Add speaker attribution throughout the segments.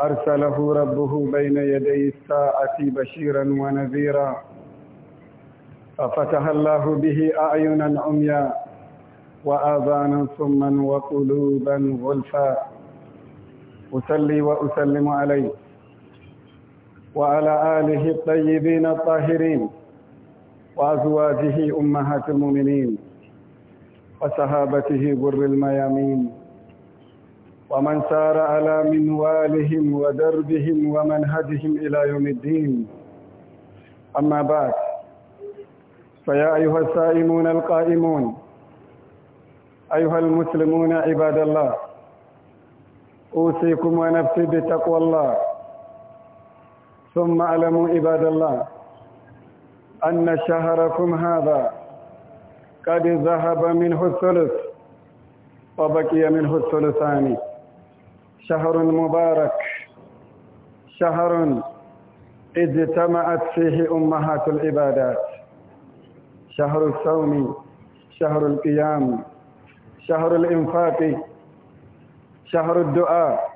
Speaker 1: أرسله ربه بين يدي الساعة بشيرا ونذيرا ففتح الله به أعينا عميا وآذانا صما وقلوبا غلفا أسلي وأسلم عليه وعلى آله الطيبين الطاهرين وأزواجه أمهات المؤمنين وصحابته بر الميامين ومن سار على منوالهم ودربهم ومنهجهم إلى يوم الدين أما بعد فيا أيها السائمون القائمون أيها المسلمون عباد الله أوصيكم ونفسي بتقوى الله ثم أعلموا عباد الله أن شهركم هذا قد ذهب منه الثلث وبقي منه الثلثان شهر مبارك شهر اجتمعت فيه أمهات العبادات شهر الصوم شهر القيام شهر الإنفاق شهر الدعاء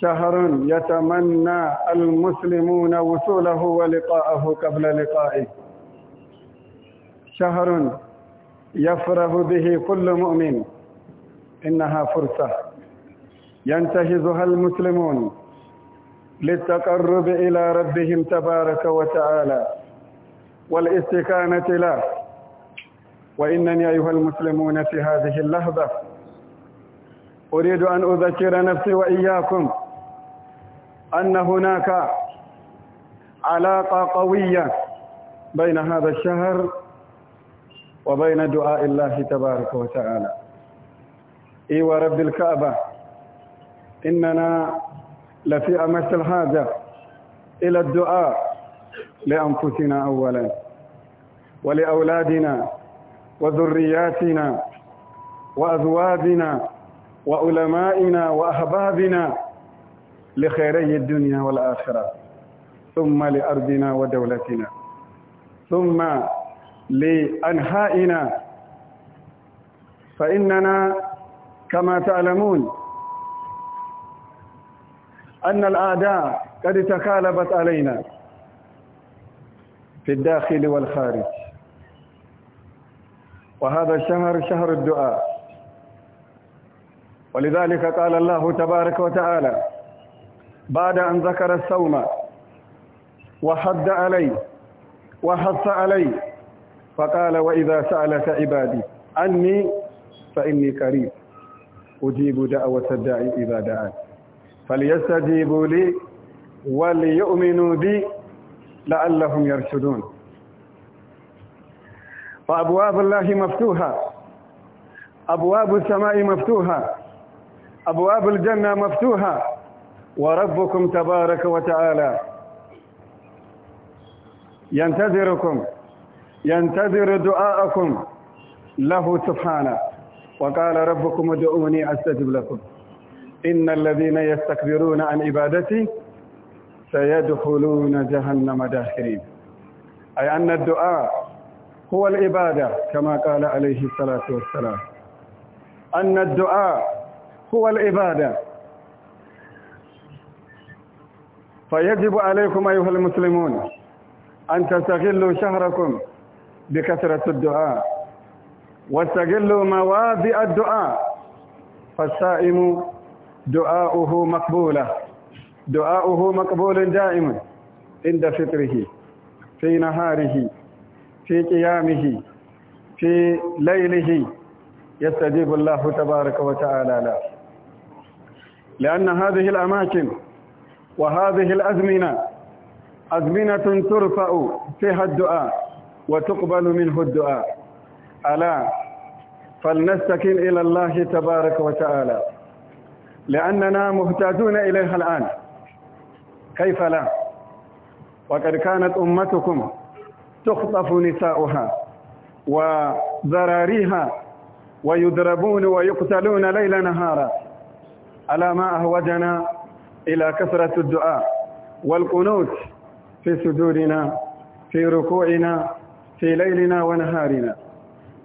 Speaker 1: شهر يتمنى المسلمون وصوله ولقاءه قبل لقائه شهر يفرح به كل مؤمن إنها فرصة ينتهزها المسلمون للتقرب إلى ربهم تبارك وتعالى والاستكانة له وإنني أيها المسلمون في هذه اللحظة أريد أن أذكر نفسي وإياكم أن هناك علاقة قوية بين هذا الشهر وبين دعاء الله تبارك وتعالى إي ورب الكعبة إننا لفي أمس الحاجة إلى الدعاء لأنفسنا أولا ولأولادنا وذرياتنا وأزواجنا وعلمائنا وأحبابنا لخيري الدنيا والآخرة ثم لأرضنا ودولتنا ثم لأنهائنا فإننا كما تعلمون أن الأعداء قد تكالبت علينا في الداخل والخارج وهذا الشهر شهر الدعاء ولذلك قال الله تبارك وتعالى بعد أن ذكر الصوم وحد عليه وحث عليه فقال وإذا سألك عبادي عني فإني قريب أجيب دعوة الداعي إذا دعان فليستجيبوا لي وليؤمنوا بي لعلهم يرشدون فأبواب الله مفتوحة أبواب السماء مفتوحة أبواب الجنة مفتوحة وربكم تبارك وتعالى ينتظركم ينتظر دعاءكم له سبحانه وقال ربكم ادعوني أستجب لكم إن الذين يستكبرون عن عبادتي سيدخلون جهنم داخرين أي أن الدعاء هو العبادة كما قال عليه الصلاة والسلام أن الدعاء هو العبادة فيجب عليكم أيها المسلمون أن تستغلوا شهركم بكثرة الدعاء واستغلوا مواضع الدعاء فالصائم دعاؤه مقبولة دعاؤه مقبول دائما عند فطره في نهاره في قيامه في ليله يستجيب الله تبارك وتعالى له لأن هذه الأماكن وهذه الأزمنة أزمنة ترفع فيها الدعاء وتقبل منه الدعاء ألا فلنستكن إلى الله تبارك وتعالى لأننا مهتدون إليها الآن كيف لا وقد كانت أمتكم تخطف نساؤها وذراريها ويضربون ويقتلون ليل نهارا ألا ما أهوجنا إلى كثرة الدعاء والقنوت في سجودنا في ركوعنا في ليلنا ونهارنا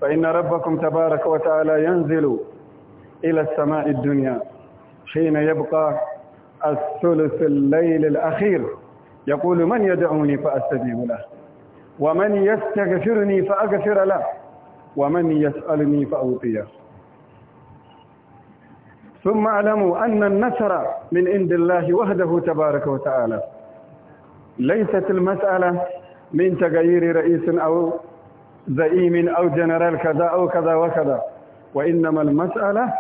Speaker 1: فإن ربكم تبارك وتعالى ينزل إلى السماء الدنيا حين يبقى الثلث الليل الأخير يقول من يدعوني فأستجيب له ومن يستغفرني فأغفر له ومن يسألني فأوطيه ثم اعلموا أن النصر من عند الله وحده تبارك وتعالى ليست المسألة من تغيير رئيس أو زعيم أو جنرال كذا أو كذا وكذا وإنما المسألة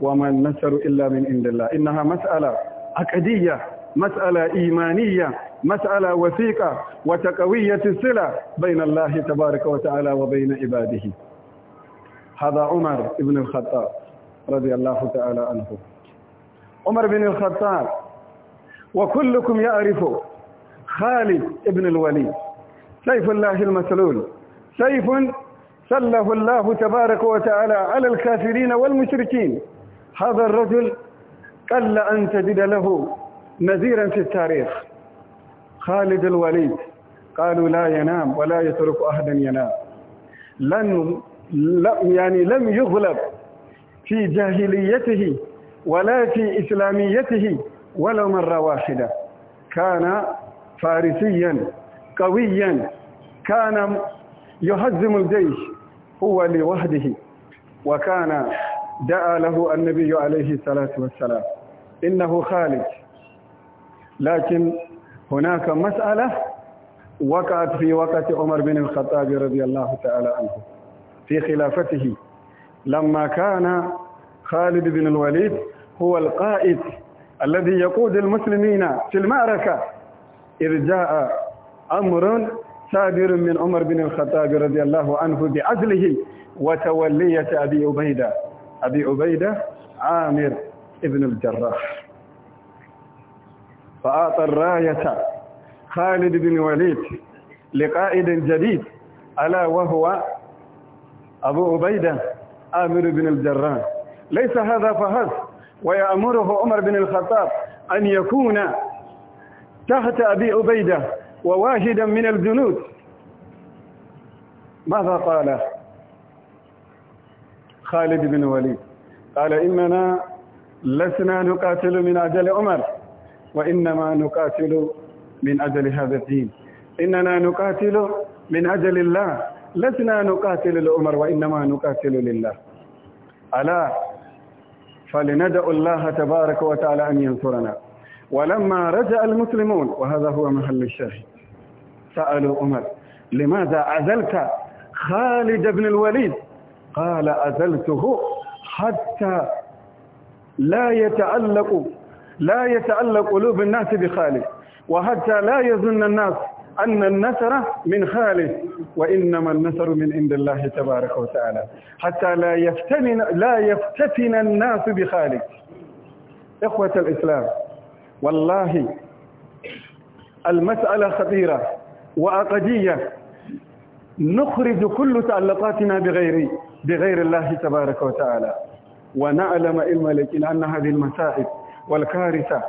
Speaker 1: وما النصر إلا من عند الله إنها مسألة عقدية مسألة إيمانية مسألة وثيقة وتقوية الصلة بين الله تبارك وتعالى وبين عباده هذا عمر بن الخطاب رضي الله تعالى عنه عمر بن الخطاب وكلكم يعرف خالد بن الوليد سيف الله المسلول سيف سله الله تبارك وتعالى على الكافرين والمشركين هذا الرجل قل أن تجد له نذيرا في التاريخ خالد الوليد قالوا لا ينام ولا يترك أحدا ينام لن يعني لم يغلب في جاهليته ولا في إسلاميته ولو مرة واحدة كان فارسيا قويا كان يهزم الجيش هو لوحده وكان دعا له النبي عليه الصلاة والسلام إنه خالد لكن هناك مسألة وقعت في وقت عمر بن الخطاب رضي الله تعالى عنه في خلافته لما كان خالد بن الوليد هو القائد الذي يقود المسلمين في المعركة إذ جاء أمر صابر من عمر بن الخطاب رضي الله عنه بعزله وتولية أبي عبيدة أبي عبيدة عامر ابن الجراح فأعطى الراية خالد بن وليد لقائد جديد ألا وهو أبو عبيدة عامر بن الجراح ليس هذا فحسب ويأمره عمر بن الخطاب أن يكون تحت أبي عبيدة وواحدا من الجنود ماذا قال خالد بن وليد قال إننا لسنا نقاتل من أجل عمر وإنما نقاتل من أجل هذا الدين إننا نقاتل من أجل الله لسنا نقاتل لعمر وإنما نقاتل لله ألا فلندع الله تبارك وتعالى أن ينصرنا ولما رجع المسلمون وهذا هو محل الشاهد سألوا عمر لماذا عزلت خالد بن الوليد قال عزلته حتى لا يتعلق لا يتعلق قلوب الناس بخالد وحتى لا يظن الناس أن النسر من خالد وإنما النسر من عند الله تبارك وتعالى حتى لا يفتن لا يفتتن الناس بخالد إخوة الإسلام والله المسألة خطيرة وعقدية نخرج كل تعلقاتنا بغير بغير الله تبارك وتعالى ونعلم علم أن هذه المسائل والكارثة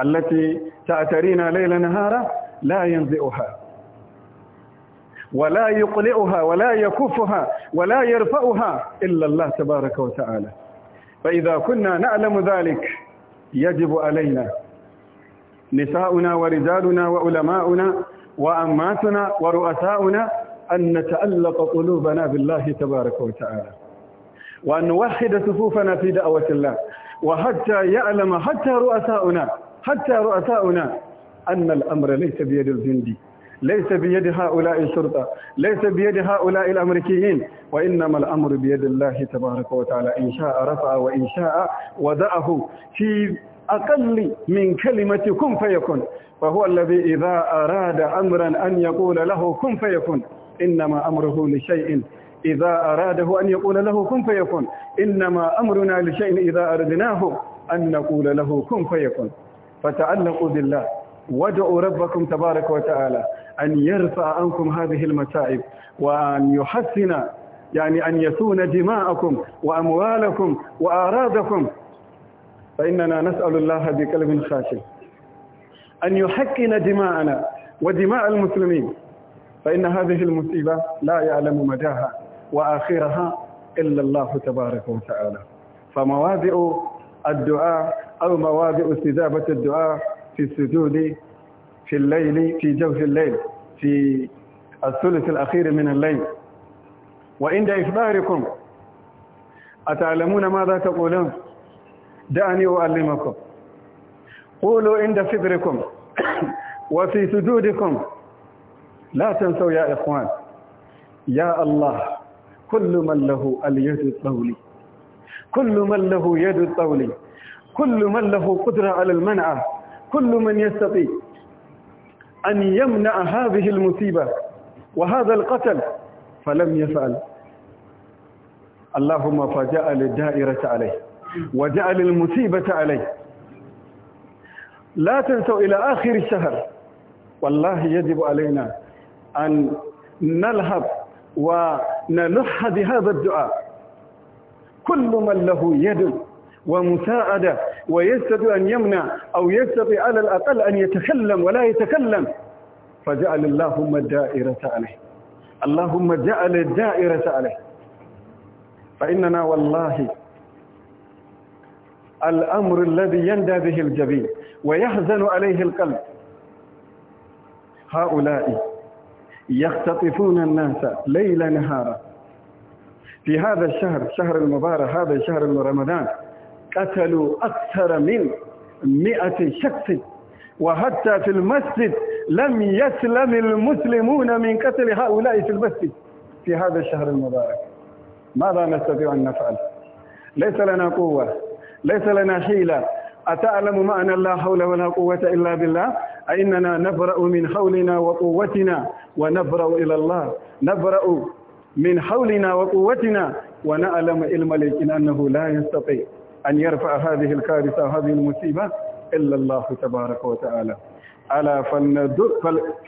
Speaker 1: التي تعترينا ليل نهارا لا ينزئها ولا يقلئها ولا يكفها ولا يرفعها إلا الله تبارك وتعالى فإذا كنا نعلم ذلك يجب علينا نساؤنا ورجالنا وعلماؤنا وأماتنا ورؤساؤنا أن نتألق قلوبنا بالله تبارك وتعالى وأن نوحد صفوفنا في دعوة الله وحتى يعلم حتى رؤساؤنا حتى رؤساؤنا أن الأمر ليس بيد الجندي ليس بيد هؤلاء الشرطة ليس بيد هؤلاء الأمريكيين وإنما الأمر بيد الله تبارك وتعالى إن شاء رفع وإن شاء ودعه في أقل من كلمة كن فيكن فهو الذي إذا أراد أمرا أن يقول له كن فيكن إنما أمره لشيء إذا أراده أن يقول له كن فيكن إنما أمرنا لشيء إذا أردناه أن نقول له كن فيكن فتعلقوا بالله وادعوا ربكم تبارك وتعالى أن يرفع عنكم هذه المتاعب وأن يحسن يعني أن يسون دماءكم وأموالكم وأعراضكم فإننا نسأل الله بكلم خاشع أن يحكن دماءنا ودماء المسلمين فإن هذه المصيبة لا يعلم مداها وآخرها إلا الله تبارك وتعالى فمواضع الدعاء أو مواضع استجابة الدعاء في السجود في الليل في جوف الليل في الثلث الأخير من الليل وعند إخباركم أتعلمون ماذا تقولون دعني أعلمكم قولوا عند صدركم وفي سجودكم لا تنسوا يا إخوان يا الله كل من له اليد الطولي كل من له يد الطولي كل من له قدرة على المنع كل من يستطيع أن يمنع هذه المصيبة وهذا القتل فلم يفعل اللهم فجاء للدائرة عليه وجعل المصيبة عليه لا تنسوا إلى آخر الشهر والله يجب علينا أن نلهب ونلح بهذا الدعاء كل من له يد ومساعدة ويستطيع أن يمنع أو يستطيع على الأقل أن يتكلم ولا يتكلم فجعل اللهم الدائرة عليه اللهم جعل الدائرة عليه فإننا والله الأمر الذي يندى به الجبين ويحزن عليه القلب هؤلاء يختطفون الناس ليلا نهارا في هذا الشهر شهر المبارك هذا شهر رمضان قتلوا أكثر من مئة شخص وحتى في المسجد لم يسلم المسلمون من قتل هؤلاء في المسجد في هذا الشهر المبارك ماذا نستطيع أن نفعل ليس لنا قوة ليس لنا حيلة أتعلم معنى لا حول ولا قوة إلا بالله أئننا نبرأ من حولنا وقوتنا ونبرأ إلى الله نبرأ من حولنا وقوتنا ونعلم الملك إن أنه لا يستطيع أن يرفع هذه الكارثة هذه المصيبة إلا الله تبارك وتعالى ألا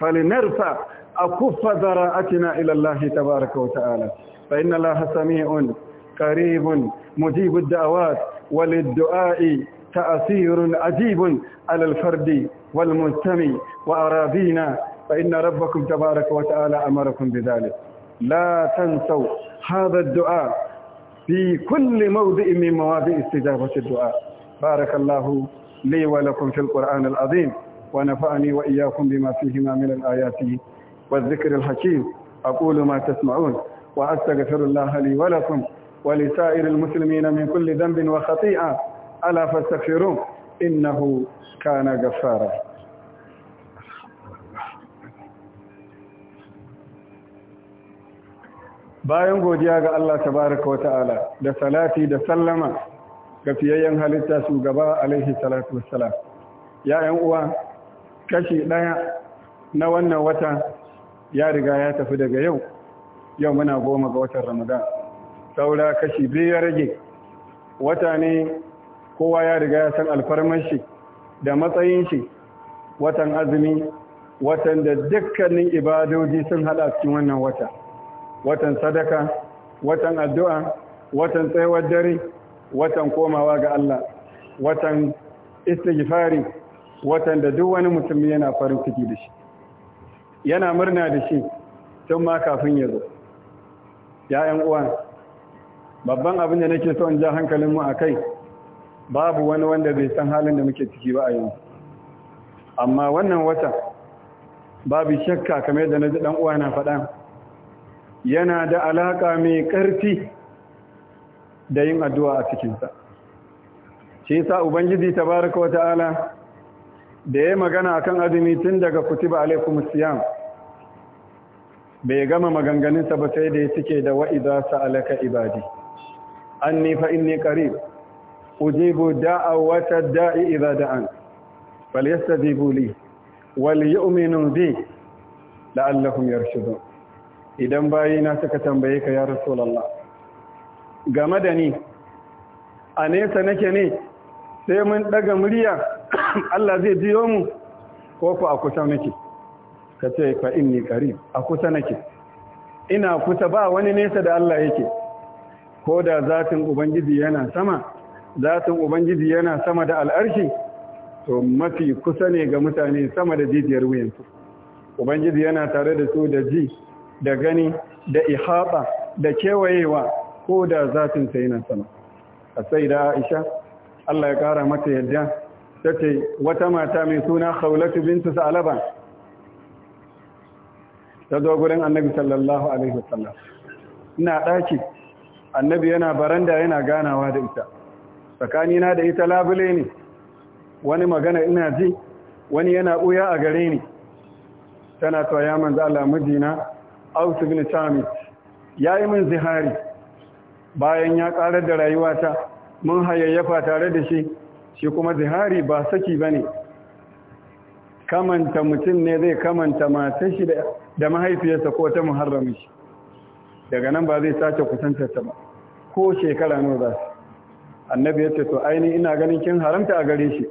Speaker 1: فلنرفع أكف ذراءتنا إلى الله تبارك وتعالى فإن الله سميع قريب مجيب الدعوات وللدعاء تأثير عجيب على الفرد والمجتمع وأراضينا فإن ربكم تبارك وتعالى أمركم بذلك لا تنسوا هذا الدعاء في كل موضع من مواضع استجابة الدعاء بارك الله لي ولكم في القرآن العظيم ونفعني وإياكم بما فيهما من الآيات والذكر الحكيم أقول ما تسمعون وأستغفر الله لي ولكم ولسائر المسلمين من كل ذنب وخطيئة ألا فاستغفروه إنه كان غفارا bayan godiya ga Allah tabaraka wa ta'ala da salati da sallama ga fiyayyen halitta shugaba alaihi salatu wassalam ya yan uwa kashi ɗaya na wannan wata ya riga ya tafi daga yau yau muna goma ga watan ramadan saura kashi biyu ya rage wata ne kowa ya riga ya san alfarmar shi da matsayin shi watan azumi watan da dukkanin ibadoji sun hada cikin wannan wata watan sadaka watan addu'a watan tsayawar dare watan komawa ga Allah watan istighfari watan da duk wani mutum yana farin ciki da shi yana murna da shi tun ma kafin ya zo ya'yan uwa babban abin da nake so in ja hankalin mu akai babu wani wanda bai san halin da muke ciki ba a yanzu amma wannan wata babu shakka kamar yadda na ji dan uwa na faɗa yana da alaka mai ƙarfi da yin addu'a a cikinsa shi yasa ubangiji tabaraka wa ta'ala da ya magana akan azumi tun daga kutiba alaikum siyam bai gama maganganunsa ba sai da ya cike da wa'iza sa'alaka ibadi anni fa inni qarib ujibu wa da'i idha da'an falyastajibu li waliyu'minu bi la'allahum yarshudun idan bayina suka tambaye ka ya rasulullah game da ni a nesa nake ne sai mun daga murya Allah zai jiyo mu ko ku a kusa nake ka ce fa inni qarib a kusa nake ina kusa ba wani nesa da Allah yake ko da zatin ubangiji yana sama zatin ubangiji yana sama da al'arshi to mafi kusa ne ga mutane sama da jijiyar wuyansu ubangiji yana tare da su da ji da gani da ihaɓa, da kewayewa ko da zatinsa yana sama a sai da aisha allah ya kara mata yadda ta ce wata mata mai suna haulatu bintu Salaba ta zo gurin annabi sallallahu alaihi wasallam ina daki annabi yana baranda yana ganawa da ita tsakanina da ita labule ne wani magana ina ji wani yana uya a gare ni tana to ya manzo Allah mijina Aus ibn Tamit yayi min zihari bayan ya karar da rayuwata mun hayayyafa tare da shi shi kuma zihari ba saki bane kamanta mutum ne zai kamanta matar shi da mahaifiyarsa ko ta muharramin shi daga nan ba zai sace kusantar ta ba ko shekara nawa za su annabi ya ce to aini ina ganin kin haramta a gare shi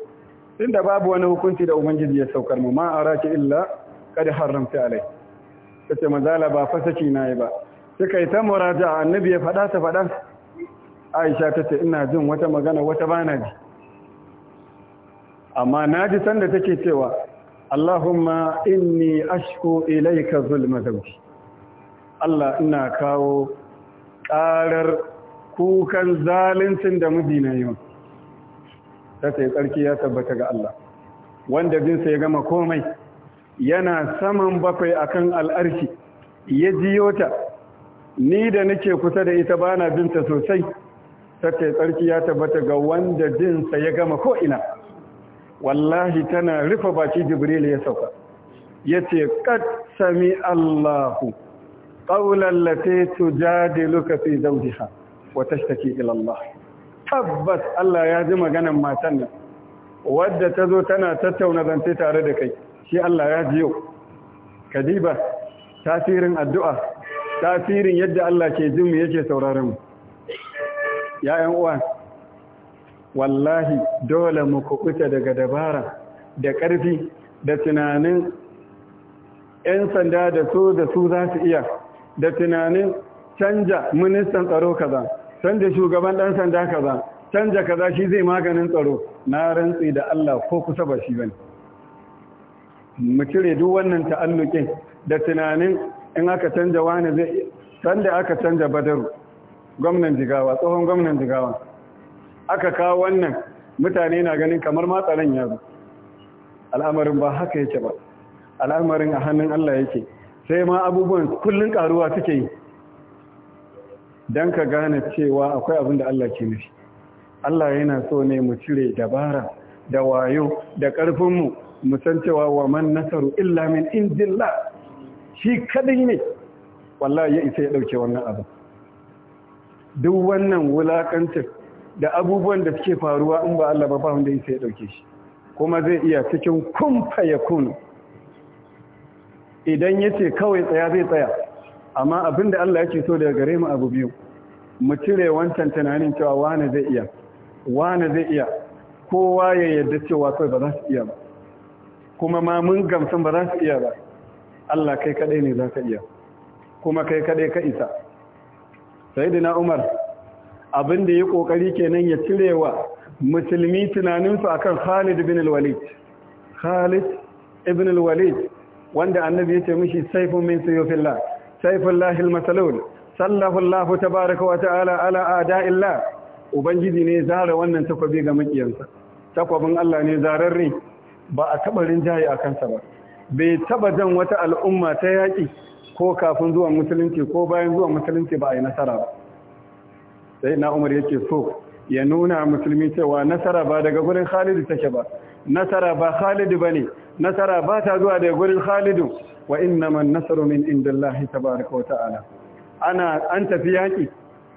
Speaker 1: tunda babu wani hukunci da ubangiji ya saukar mu ma araki illa kad haramta alai kace mazala ba fasaki nayi ba suka yi ta muraja annabi ya fada ta fada Aisha tace ina jin wata magana wata bana ji amma naji sanda take cewa Allahumma inni ashku ilayka zulma zawji Allah ina kawo ƙarar kukan zaluncin da mijina yi ta sai tsarki ya tabbata ga Allah wanda binsa ya gama komai yana saman bakwai akan al'arshi ya jiyo ta ni da nake kusa da ita bana binta sosai ta tsarki ya tabbata ga wanda binsa ya gama ko'ina wallahi tana rufe baki jibril ya sauka ya ce sami allahu ƙaunar jade lokaci zan zawjiha wa tashtaki ila Allah tabbas Allah ya ji maganan matan nan wadda ta zo tana tattauna zance tare da kai shi Allah ya ji yau kadiba tasirin addu'a tasirin yadda Allah ke jin mu yake sauraron mu ya uwa wallahi dole mu kubuta daga dabara da ƙarfi da tunanin 'yan sanda da su da su za su iya da tunanin canja ministan tsaro kaza canja shugaban ɗan sanda kaza canja kaza shi zai maganin tsaro na rantsi da Allah ko kusa ba shi bane mu cire duk wannan ta'allukin da tunanin in aka canja wani zai sanda aka canja badaru gwamnan jigawa tsohon gwamnan jigawa aka kawo wannan mutane na ganin kamar matsalan ya zo al'amarin ba haka yake ba al'amarin a hannun Allah yake sai ma abubuwan kullun karuwa suke yi don ka gane cewa akwai abin da Allah ke nufi Allah yana so ne mu cire dabara da wayo da ƙarfinmu mu san cewa wa man nasaru illa min indillah shi kadai ne wallahi ya isa ya dauke wannan abu duk wannan wulakancin da abubuwan da suke faruwa in ba Allah ba ba wanda isa ya dauke shi kuma zai iya cikin kumfa ya kunu idan ya ce kawai tsaya zai tsaya amma abin da Allah yake so daga gare mu abu biyu mu cire wancan tunanin cewa wane zai iya wane zai iya kowa ya yarda cewa kai ba za su iya ba kuma ma mun gamsan ba za su iya ba Allah kai kadai ne za ka iya kuma kai kadai ka isa sayyidina Umar abin da ya kokari kenan ya cirewa musulmi tunaninsu akan Khalid bin al-Walid Khalid ibn al-Walid wanda annabi ya ce mishi saifun min sayfillah سيف الله المسلول sallahu Allah tabaraka wa ta'ala ala ada'illah ubangiji ne zara wannan takobi ga makiyansa takobin Allah ne zararre ba a taba jayi a kansa ba bai taba jan wata al'umma ta yaki ko kafin zuwa musulunci ko bayan zuwa musulunci ba a yi nasara ba sai na Umar yake so ya nuna musulmi cewa nasara ba daga gurin Khalid take ba nasara ba Khalid bane nasara ba ta zuwa daga gurin Khalidu wa inna man nasaru min indillahi tabaaraka wa ta'ala ana an tafi yaki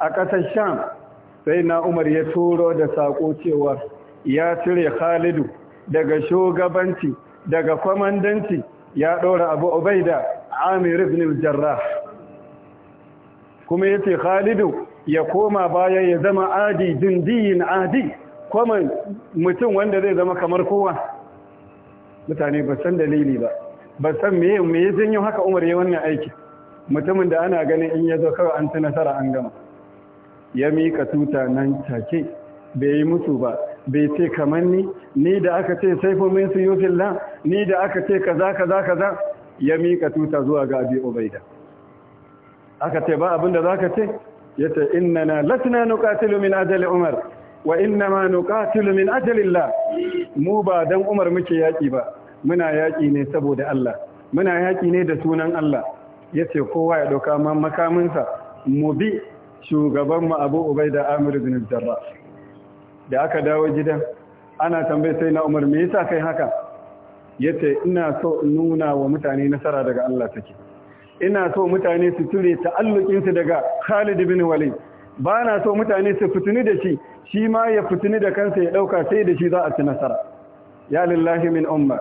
Speaker 1: a ƙasashen. Sham sai na Umar ya turo da sako cewa ya cire Khalidu daga shugabanci daga kwamandanci ya ɗora Abu Ubaida Amir ibn al-Jarrah kuma yace Khalidu ya koma bayan ya zama adi jindiyin adi kuma mutum wanda zai zama kamar kowa mutane ba san dalili ba ba san me me ya janyo haka Umar ya wannan aiki mutumin da ana ganin in ya zo kawai an ci nasara an gama ya mika tuta nan take bai yi musu ba bai ce kamar ni ni da aka ce saifu min suyufillah ni da aka ce kaza kaza kaza ya mika tuta zuwa ga Abi Ubaida aka ce ba abinda zaka ce inna na latna nuqatilu min ajali Umar wa inna ma nuqatilu min ajali mu ba dan Umar muke yaki ba muna yaƙi ne saboda Allah muna yaƙi ne da sunan Allah ya ce kowa ya ɗauka ma makaminsa mu bi shugabanmu abu ubai da amir bin jarra da aka dawo gidan ana tambayi sai na umar me yasa kai haka ya ce ina so in nuna wa mutane nasara daga Allah take ina so mutane su ture ta'allukinsu daga khalid bin walid ba na so mutane su fituni da shi shi ma ya fituni da kansa ya ɗauka sai da shi za a ci nasara ya lillahi min umma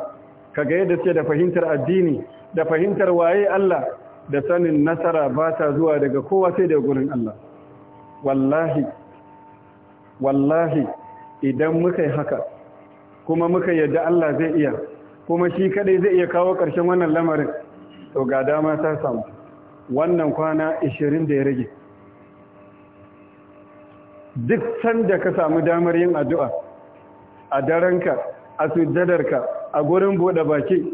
Speaker 1: kaga yadda ce da fahimtar addini da fahimtar waye Allah da sanin nasara ba ta zuwa daga kowa sai daga gurin Allah wallahi wallahi idan muka yi haka kuma muka yadda Allah zai iya kuma shi kadai zai iya kawo ƙarshen wannan lamarin to ga dama ta samu wannan kwana 20 da ya rage duk sanda ka samu damar yin addu'a a ka a sujjadarka a gurin bude baki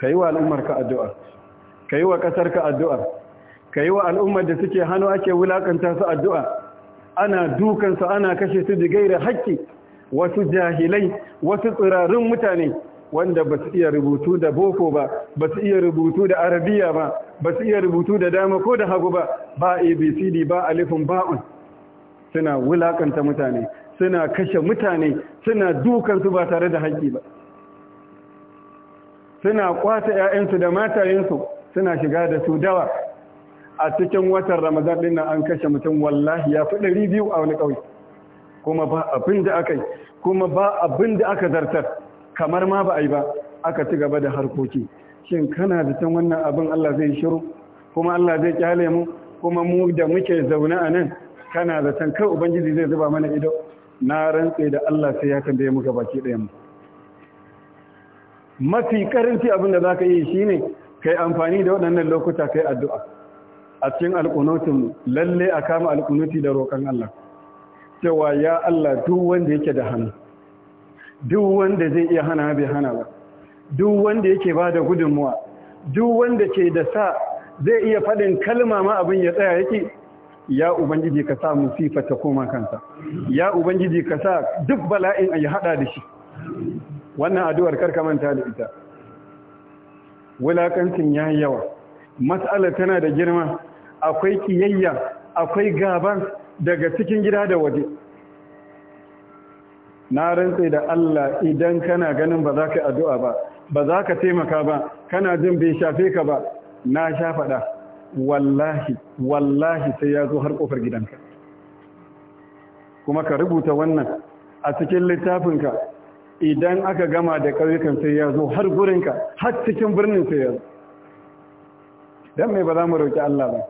Speaker 1: ka yi wa al'ummarka addu'a ka yi wa ƙasarka addu'a ka wa al'ummar da suke hannu ake wulaƙanta su addu'a ana dukansu ana kashe su da gaira haƙƙi wasu jahilai wasu tsirarin mutane wanda ba su iya rubutu da boko ba ba su iya rubutu da arabiya ba ba su iya rubutu da dama ko da hagu ba ba abcd ba alifin ba'un suna wulakanta mutane suna kashe mutane suna dukansu ba tare da haƙƙi ba suna kwata 'ya'yansu da matayensu suna shiga da su dawa a cikin watan ramadan din an kashe mutum wallahi ya fi ɗari biyu a wani ƙauye kuma ba abin da aka yi kuma ba abin da aka zartar kamar ma ba a yi ba aka ci gaba da harkoki shin kana da can wannan abin allah zai shiru kuma allah zai kyale mu kuma mu da muke zaune a nan kana da can kai ubangiji zai zuba mana ido na rantse da Allah sai ya tambaye muka baki ɗayan mu mafi karanci abin da zaka yi shine kai amfani da waɗannan lokuta kai addu'a a cikin alƙunutin lalle a kama alƙunuti da roƙon Allah cewa ya Allah duk wanda yake da hannu duk wanda zai iya hana bai hana ba duk wanda yake ba da gudunmuwa duk wanda ke da sa zai iya faɗin kalma ma abin ya tsaya yake ya ubangiji ka sa musifa ta koma kansa ya ubangiji ka sa duk bala'in a yi haɗa da shi wannan addu'ar karka manta da ita wulakancin ya yawa matsalar tana da girma akwai kiyayya akwai gaban daga cikin gida da waje na rantse da Allah idan kana ganin ba za ka yi addu'a ba ba za ka taimaka ba kana jin bai shafe ka ba na sha faɗa wallahi wallahi sai ya zo har kofar gidanka kuma ka rubuta wannan a cikin littafinka idan aka gama da ƙauyukan sai ya zo har gurinka har cikin birnin sai ya zo don mai ba za mu roƙi Allah ba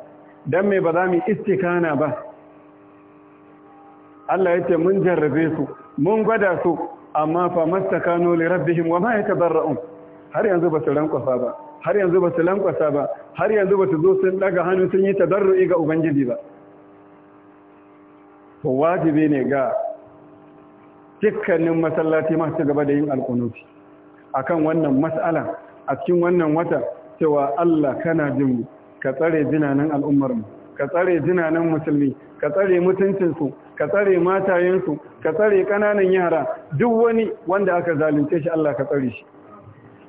Speaker 1: don mai ba za mu istikana ba Allah ya ce mun jarrabe su mun gwada su amma fa mastakanu li rabbihim wa ma yatabarra'un har yanzu ba su rankwasa ba har yanzu ba su lankwasa ba har yanzu ba su zo sun daga hannu sun yi tadarru'i ga ubangiji ba to wajibi ne ga dukkanin masallaci masu gaba da yin alkunuti akan wannan mas'ala a cikin wannan wata cewa Allah kana jin mu ka tsare jinanan al'ummarmu, ka tsare jinanan musulmi ka tsare mutuncinsu ka tsare matayensu ka tsare kananan yara duk wani wanda aka zalunce shi Allah ka tsare shi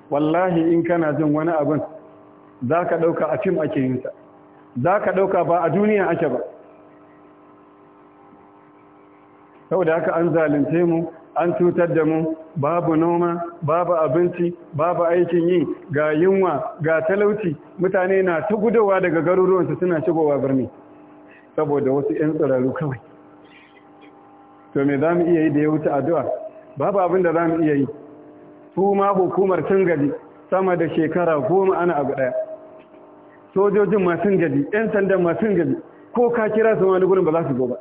Speaker 1: wallahi in kana jin wani abin za ka ɗauka a fim ake sa za ka ɗauka ba a duniya ake ba sau da haka an zalunce mu an cutar da mu babu noma babu abinci babu aikin yi ga yunwa ga talauci mutane na ta gudowa daga garuruwansu suna shigowa birni saboda wasu 'yan tsararru kawai to me za mu iya yi da ya wuce addu'a babu abin da za mu iya yi su ma hukumar tun gari sama da shekara goma ana abu ɗaya sojojin masu gadi yan sandan masu gadi ko ka kira su wani gudun ba za su zo ba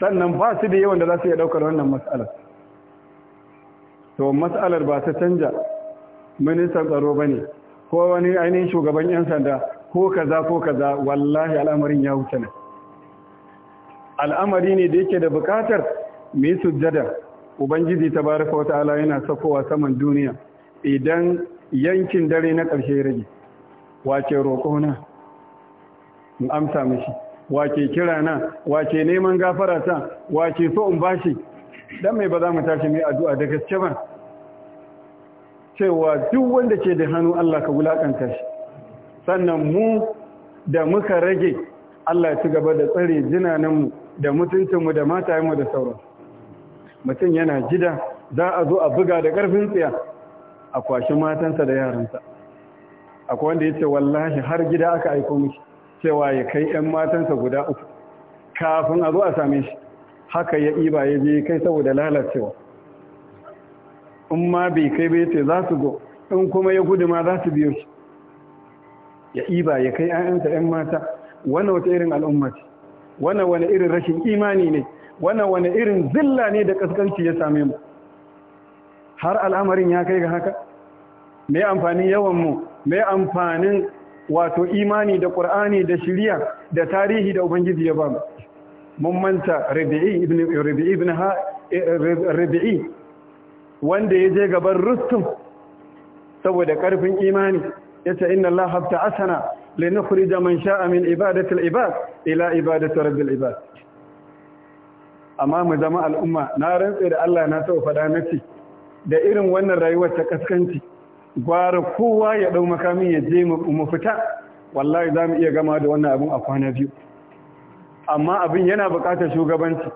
Speaker 1: sannan ba su da yawan da za su iya daukar wannan matsalar to matsalar ba ta canja ministan tsaro ba ne ko wani ainihin shugaban yan sanda ko kaza ko kaza wallahi al'amarin ya wuce ne al'amari ne da yake da bukatar mai yi sujjada ubangiji ta baraka wata ala yana sakowa saman duniya idan yankin dare na ƙarshe rage wace roƙo na in amsa mashi wace kira na wace neman gafara ta wace so in bashi dan mai ba za mu tashi mai addu'a da gaske ba cewa duk wanda ke da hannu Allah ka wulakanta shi sannan mu da muka rage Allah ya ci gaba da tsare mu da mutuncinmu da matayenmu da sauran mutum yana gida za a zo a buga da ƙarfin tsiya a kwashi matansa da yaransa akwai wanda ya ce wallahi har gida aka aiko miki cewa ya kai 'yan matansa guda uku kafin a zo a same shi haka ya iba ya je kai saboda lalacewa in ma bai kai bai ce za su go in kuma ya gudu ma za su biyo shi ya iba ya kai 'ya'yansa 'yan mata wannan wata irin al'umma ce wannan wani irin rashin imani ne wannan wani irin zilla ne da kaskanci ya same mu har al'amarin ya kai ga haka me amfanin yawan mu me amfanin wato imani da ƙur'ani da shiriya da tarihi da ubangiji ya mu, mun manta eh, rabi'i wanda ya je gaban rustum saboda karfin imani yace inna na ta'asana da man sha amin ibadati ibad ila ibadati rabbil ibad amma mu zama al'umma na rantsa da Allah na sau fada nace da irin wannan rayuwar ta kaskanci gwara kowa ya ɗau makamin ya je mu fita wallahi za mu iya gama da wannan abin a kwana biyu amma abin yana buƙatar shugabanci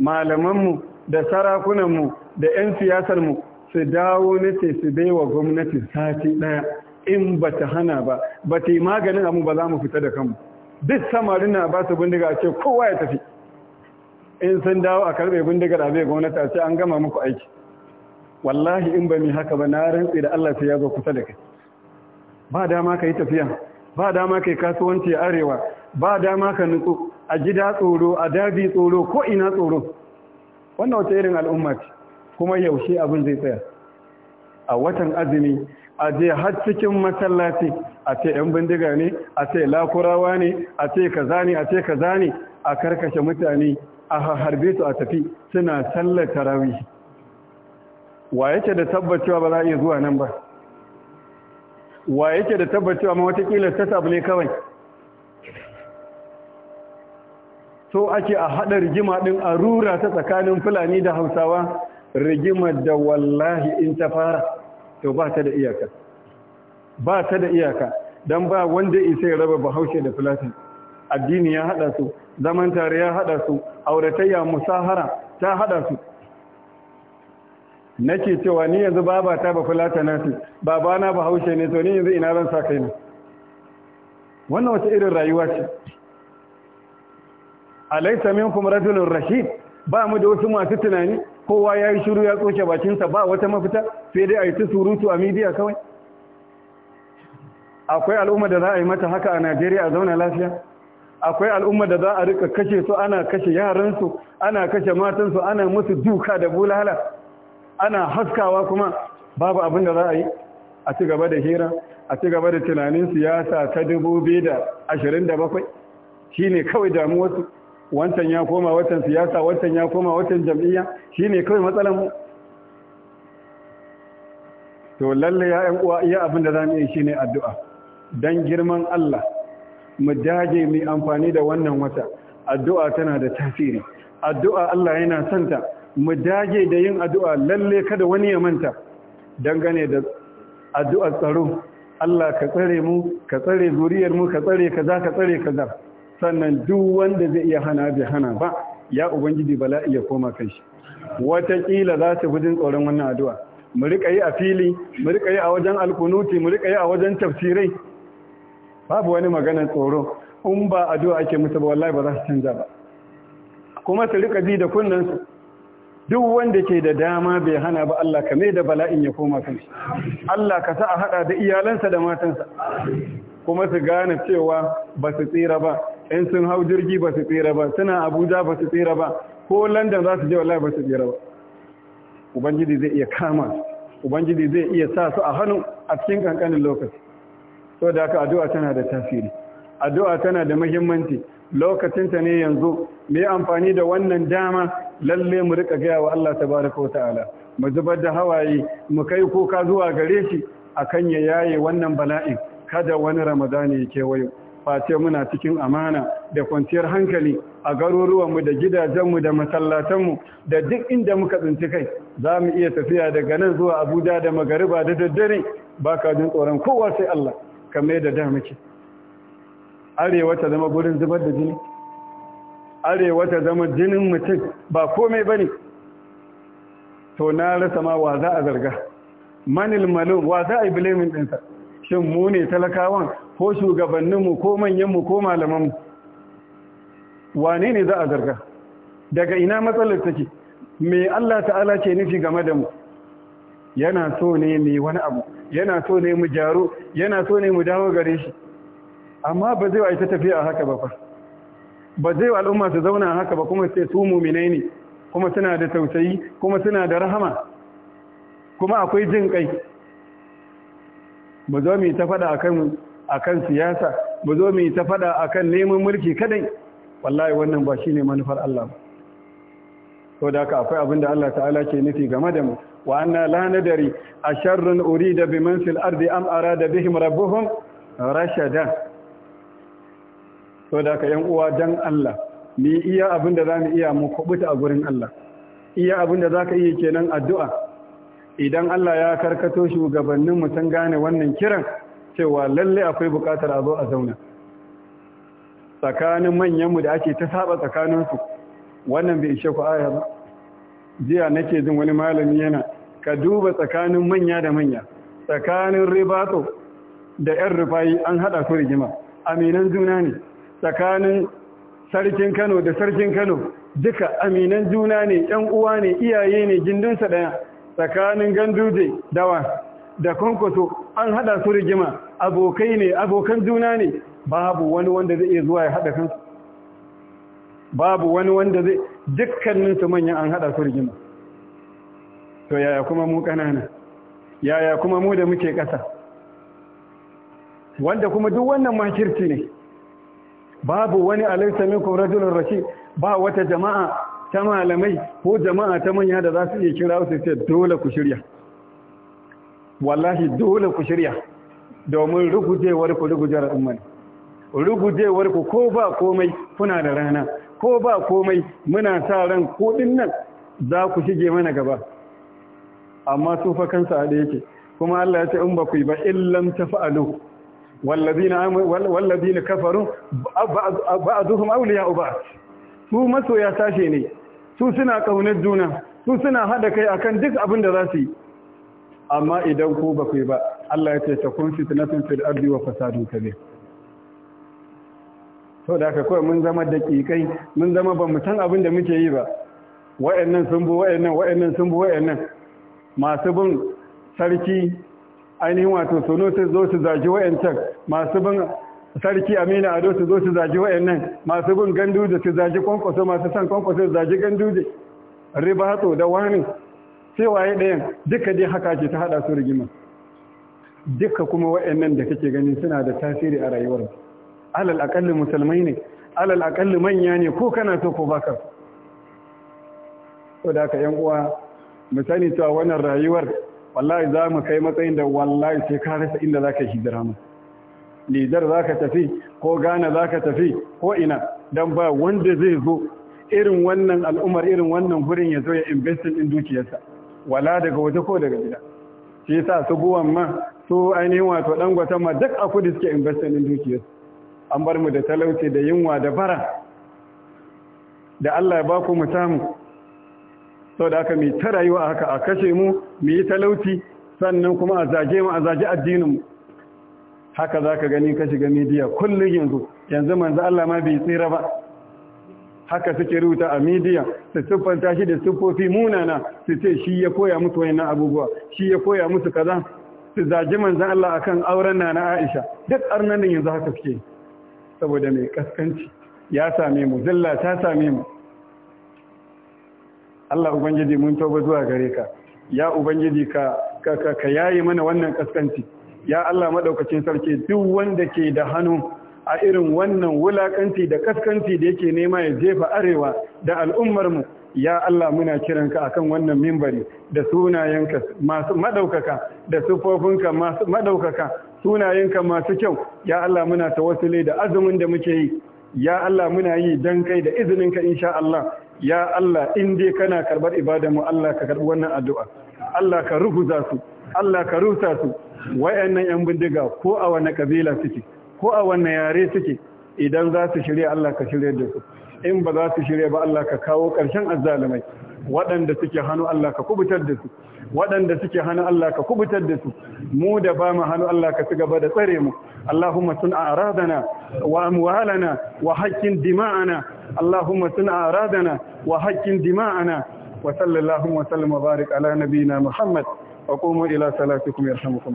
Speaker 1: malamanmu da sarakunanmu da 'yan siyasarmu su dawo nace su bai wa gwamnati sati ɗaya in ba ta hana ba ba ta yi maganin amu ba za mu fita da kanmu duk samarin na ba su bindiga ce kowa ya tafi in sun dawo a karɓe bindigar abin gwamnati a ce an gama muku aiki wallahi in ba mi haka ba na rantsi da Allah sai ya zo kusa da kai ba dama ka tafiya ba dama kai kasuwanci a arewa ba dama ka nutsu a gida tsoro a dabi tsoro ko ina tsoro wannan wata irin al'umma ce kuma yaushe abin zai tsaya a watan azumi a je har cikin masallaci a ce yan bindiga ne a ce lakurawa ne a ce kaza ne a ce kaza ne a karkashe mutane a harbe su a tafi suna sallar tarawih wa yake da tabbacewa ba za a iya zuwa nan ba wa yake da tabbacewa ma watakila ta sabu ne kawai so ake a haɗa rigima ɗin a rura ta tsakanin fulani da hausawa rigimar da wallahi in ta fara to ba ta da iyaka ba ta da iyaka don ba wanda isa ya raba bahaushe da fulatin addini ya haɗa su zaman tare ya haɗa su auratayya musahara ta haɗa su nake cewa ni yanzu baba ta ba fulata na babana baba na ba haushe ne to ni yanzu ina zan sa kai wannan wata irin rayuwa ce alaysa minkum rajulun rashid ba mu da wasu masu tunani kowa ya yi shiru ya tsoke sa ba wata mafita sai dai a yi ta surutu a midiya kawai akwai al'umma da za a yi mata haka a najeriya a zauna lafiya akwai al'umma da za a rika kashe su ana kashe yaran su, ana kashe matan su, ana musu duka da bulala ana haskawa kuma babu abin da za a yi a ci gaba da hira a ci gaba da tunanin siyasa ta 2027 shine kawai damuwarsu wancan ya koma watan siyasa wancan ya koma watan jam'iyya shine kawai matsalan mu to lalle ya ƴan uwa iya abin da mu yi ne addu'a don girman Allah mu daje mu amfani da wannan wata addu'a tana da tasiri addu'a Allah yana santa mu dage da yin addu'a lalle kada wani ya manta dangane da addu'ar tsaro Allah ka tsare mu ka tsare zuriyar mu ka tsare kaza ka tsare kaza sannan duk wanda zai iya hana bai hana ba ya ubangiji bala'i ya koma kan shi wataƙila za su gudun tsoron wannan addu'a mu rika yi a fili mu rika yi a wajen alkunuti mu rika yi a wajen tafsirai babu wani magana tsoro in ba addu'a ake mutu ba wallahi ba za su canza ba kuma su rika ji da kunnen su duk wanda ke da dama bai hana ba Allah ka mai da bala'in ya koma kan shi Allah ka sa a hada da iyalansa da matansa kuma su gane cewa ba su tsira ba in sun hau jirgi ba su tsira ba suna Abuja ba su tsira ba ko London za su je wallahi ba su tsira ba ubangiji zai iya kama su ubangiji zai iya sa su a hannu a cikin kankanin lokaci saboda haka addu'a tana da tasiri addu'a tana da muhimmanci lokacinta ne yanzu mu amfani da wannan dama lalle mu rika gaya wa Allah tabaraka wa ta'ala mu zubar da hawaye mu kai kuka zuwa gare shi akan ya yaye wannan bala'in kada wani ramadani ya kewayo face muna cikin amana da kwanciyar hankali a garuruwanmu da gidajenmu da masallatanmu da duk inda muka tsinci kai za mu iya tafiya daga nan zuwa abuja da magariba da daddare ba ka jin tsoron kowa sai Allah kamar yadda da muke arewa ta zama gurin zubar da jini arewa ta zama jinin mutum ba komai bane to na rasa ma wa za a zarga manil malum wa za a yi blaming ɗinsa shin mu ne talakawan ko shugabanninmu ko manyanmu ko malamanmu wane ne za a zarga daga ina matsalar take me Allah ta'ala ke nufi game da mu yana so ne mai wani abu yana so ne mu jaro yana so ne mu dawo gare shi amma ba zai wa ita tafiya haka ba fa ba zai wa al'umma su zauna haka ba kuma sai su muminai ne kuma suna da tausayi kuma suna da rahama kuma akwai jin kai ba zo mu ta fada akan akan siyasa ba zo mu ta fada akan neman mulki kadai wallahi wannan ba shine manufar Allah ba saboda haka akwai abin da Allah ta'ala ke nufi game da mu wa anna la nadari asharrun urida bi mansil ardi am arada bihim rabbuhum rashada so da ka yan uwa dan Allah ni iya abin da zamu iya mu kubuta a gurin Allah iya abin da zaka iya kenan addu'a idan Allah ya karkato shugabannin mu gane wannan kiran cewa lalle akwai bukatar a zo a zauna tsakanin manyan mu da ake ta saba tsakanin su wannan bai ishe ku aya ba jiya nake jin wani malami yana ka duba tsakanin manya da manya tsakanin ribato da ‘yan rufayi an haɗa su rigima, aminan juna ne, tsakanin sarkin Kano da sarkin Kano duka aminan juna ne ƴan uwa ne iyaye ne gindinsa ɗaya tsakanin ganduje dawa da kwankwaso an hada su rigima abokai ne abokan juna ne babu wani wanda zai iya zuwa ya hada kansu babu wani wanda zai dukkanin su manyan an hada su rigima to yaya kuma mu kanana yaya kuma mu da muke ƙasa wanda kuma duk wannan makirci ne babu wani alaysa minkum rajulun rashid ba wata jama'a ta malamai ko jama'a ta manya da za su iya kira su ce dole ku shirya wallahi dole ku shirya domin rugujewar ku rugujar ummani rugujewar ku ko ba komai kuna da rana ko ba komai muna sa ran kudin nan za ku shige mana gaba amma su fa kansa a da yake kuma Allah ya ce in ba ku yi ba illam tafa'alu wallazi na kafaru ba'aduhum awliya uba su masoya sashe ne su suna kaunar juna su suna hada kai akan duk abin da za su yi amma idan ko ba ku ba Allah ya ce ta kun fitnatun fil ardi wa fasadun kabir to da haka kawai mun zama dakikai mun zama ba mu san abin da muke yi ba wayannan sun bu wayannan wayannan sun bu wayannan masu bin sarki ainihin wato sono su zo su zaji wa'yancan masu bin sarki amina ado su zo su zaji wa'yannan masu bin gandu da su zaji kwankwaso masu san kwankwaso su zaji gandu da ribato da wani sai waye ɗayan duka dai haka ce ta haɗa su rigima duka kuma wa'yannan da kake gani suna da tasiri a rayuwar alal aƙalli musulmai ne alal aƙalli manya ne ko kana so ko baka ko da haka yan uwa mu sani cewa wannan rayuwar wallahi za mu kai matsayin da wallahi sai ka rasa inda za ka hijira mu lidar za ka tafi ko gana za ka tafi ko ina don ba wanda zai zo irin wannan al'umar irin wannan gurin ya zo ya investin din dukiyarsa wala daga waje ko daga gida shi yasa su buwan ma su ainihin wato ɗan ma duk a kudi suke investin in dukiyarsa. an bar mu da talauci da yunwa da bara da Allah ya ba ku mu samu sau da aka mai ta rayuwa haka a kashe mu mu yi talauci sannan kuma a zage mu a zage addininmu haka za ka gani ka shiga midiya kullum yanzu yanzu manzu Allah ma bai tsira ba haka suke rubuta a midiya su siffanta shi da siffofi munana su ce shi ya koya musu wayannan abubuwa shi ya koya musu kaza su zage manzan Allah akan auren na na Aisha duk arnanin yanzu haka suke saboda mai kaskanci ya same mu zilla ta same mu Allah ubangiji mun tauba zuwa gare ka ya ubangiji ka ka ka yayi mana wannan kaskanci ya Allah madaukakin sarki duk wanda ke da hannu a irin wannan wulakanci da kaskanci da yake nema ya jefa arewa da al'ummar mu ya Allah muna kiranka akan wannan mimbari da sunayenka masu madaukaka da sufofinka masu madaukaka sunayenka masu kyau ya Allah muna tawassuli da azumin da muke yi ya Allah muna yi dan kai da izininka insha Allah ya Allah in dai kana karbar ibada mu Allah ka karbi wannan addu'a Allah ka ruhuza su Allah ka rusa su wayannan yan bindiga ko a wani kabila suke ko a wani yare suke idan za su shirya Allah ka shirya da su in ba za su shirya ba Allah ka kawo ƙarshen azzalumai waɗanda suke hannu Allah ka kubutar da su waɗanda suke hannu Allah ka kubutar da su mu da ba mu hannu Allah ka ci da tsare mu Allahumma sun a'radana wa amwalana wa haqqin dima'ana اللهم صنع أعراضنا وحكم دماءنا وصلى اللهم وسلم وبارك على نبينا محمد وقوموا إلى صلاتكم يرحمكم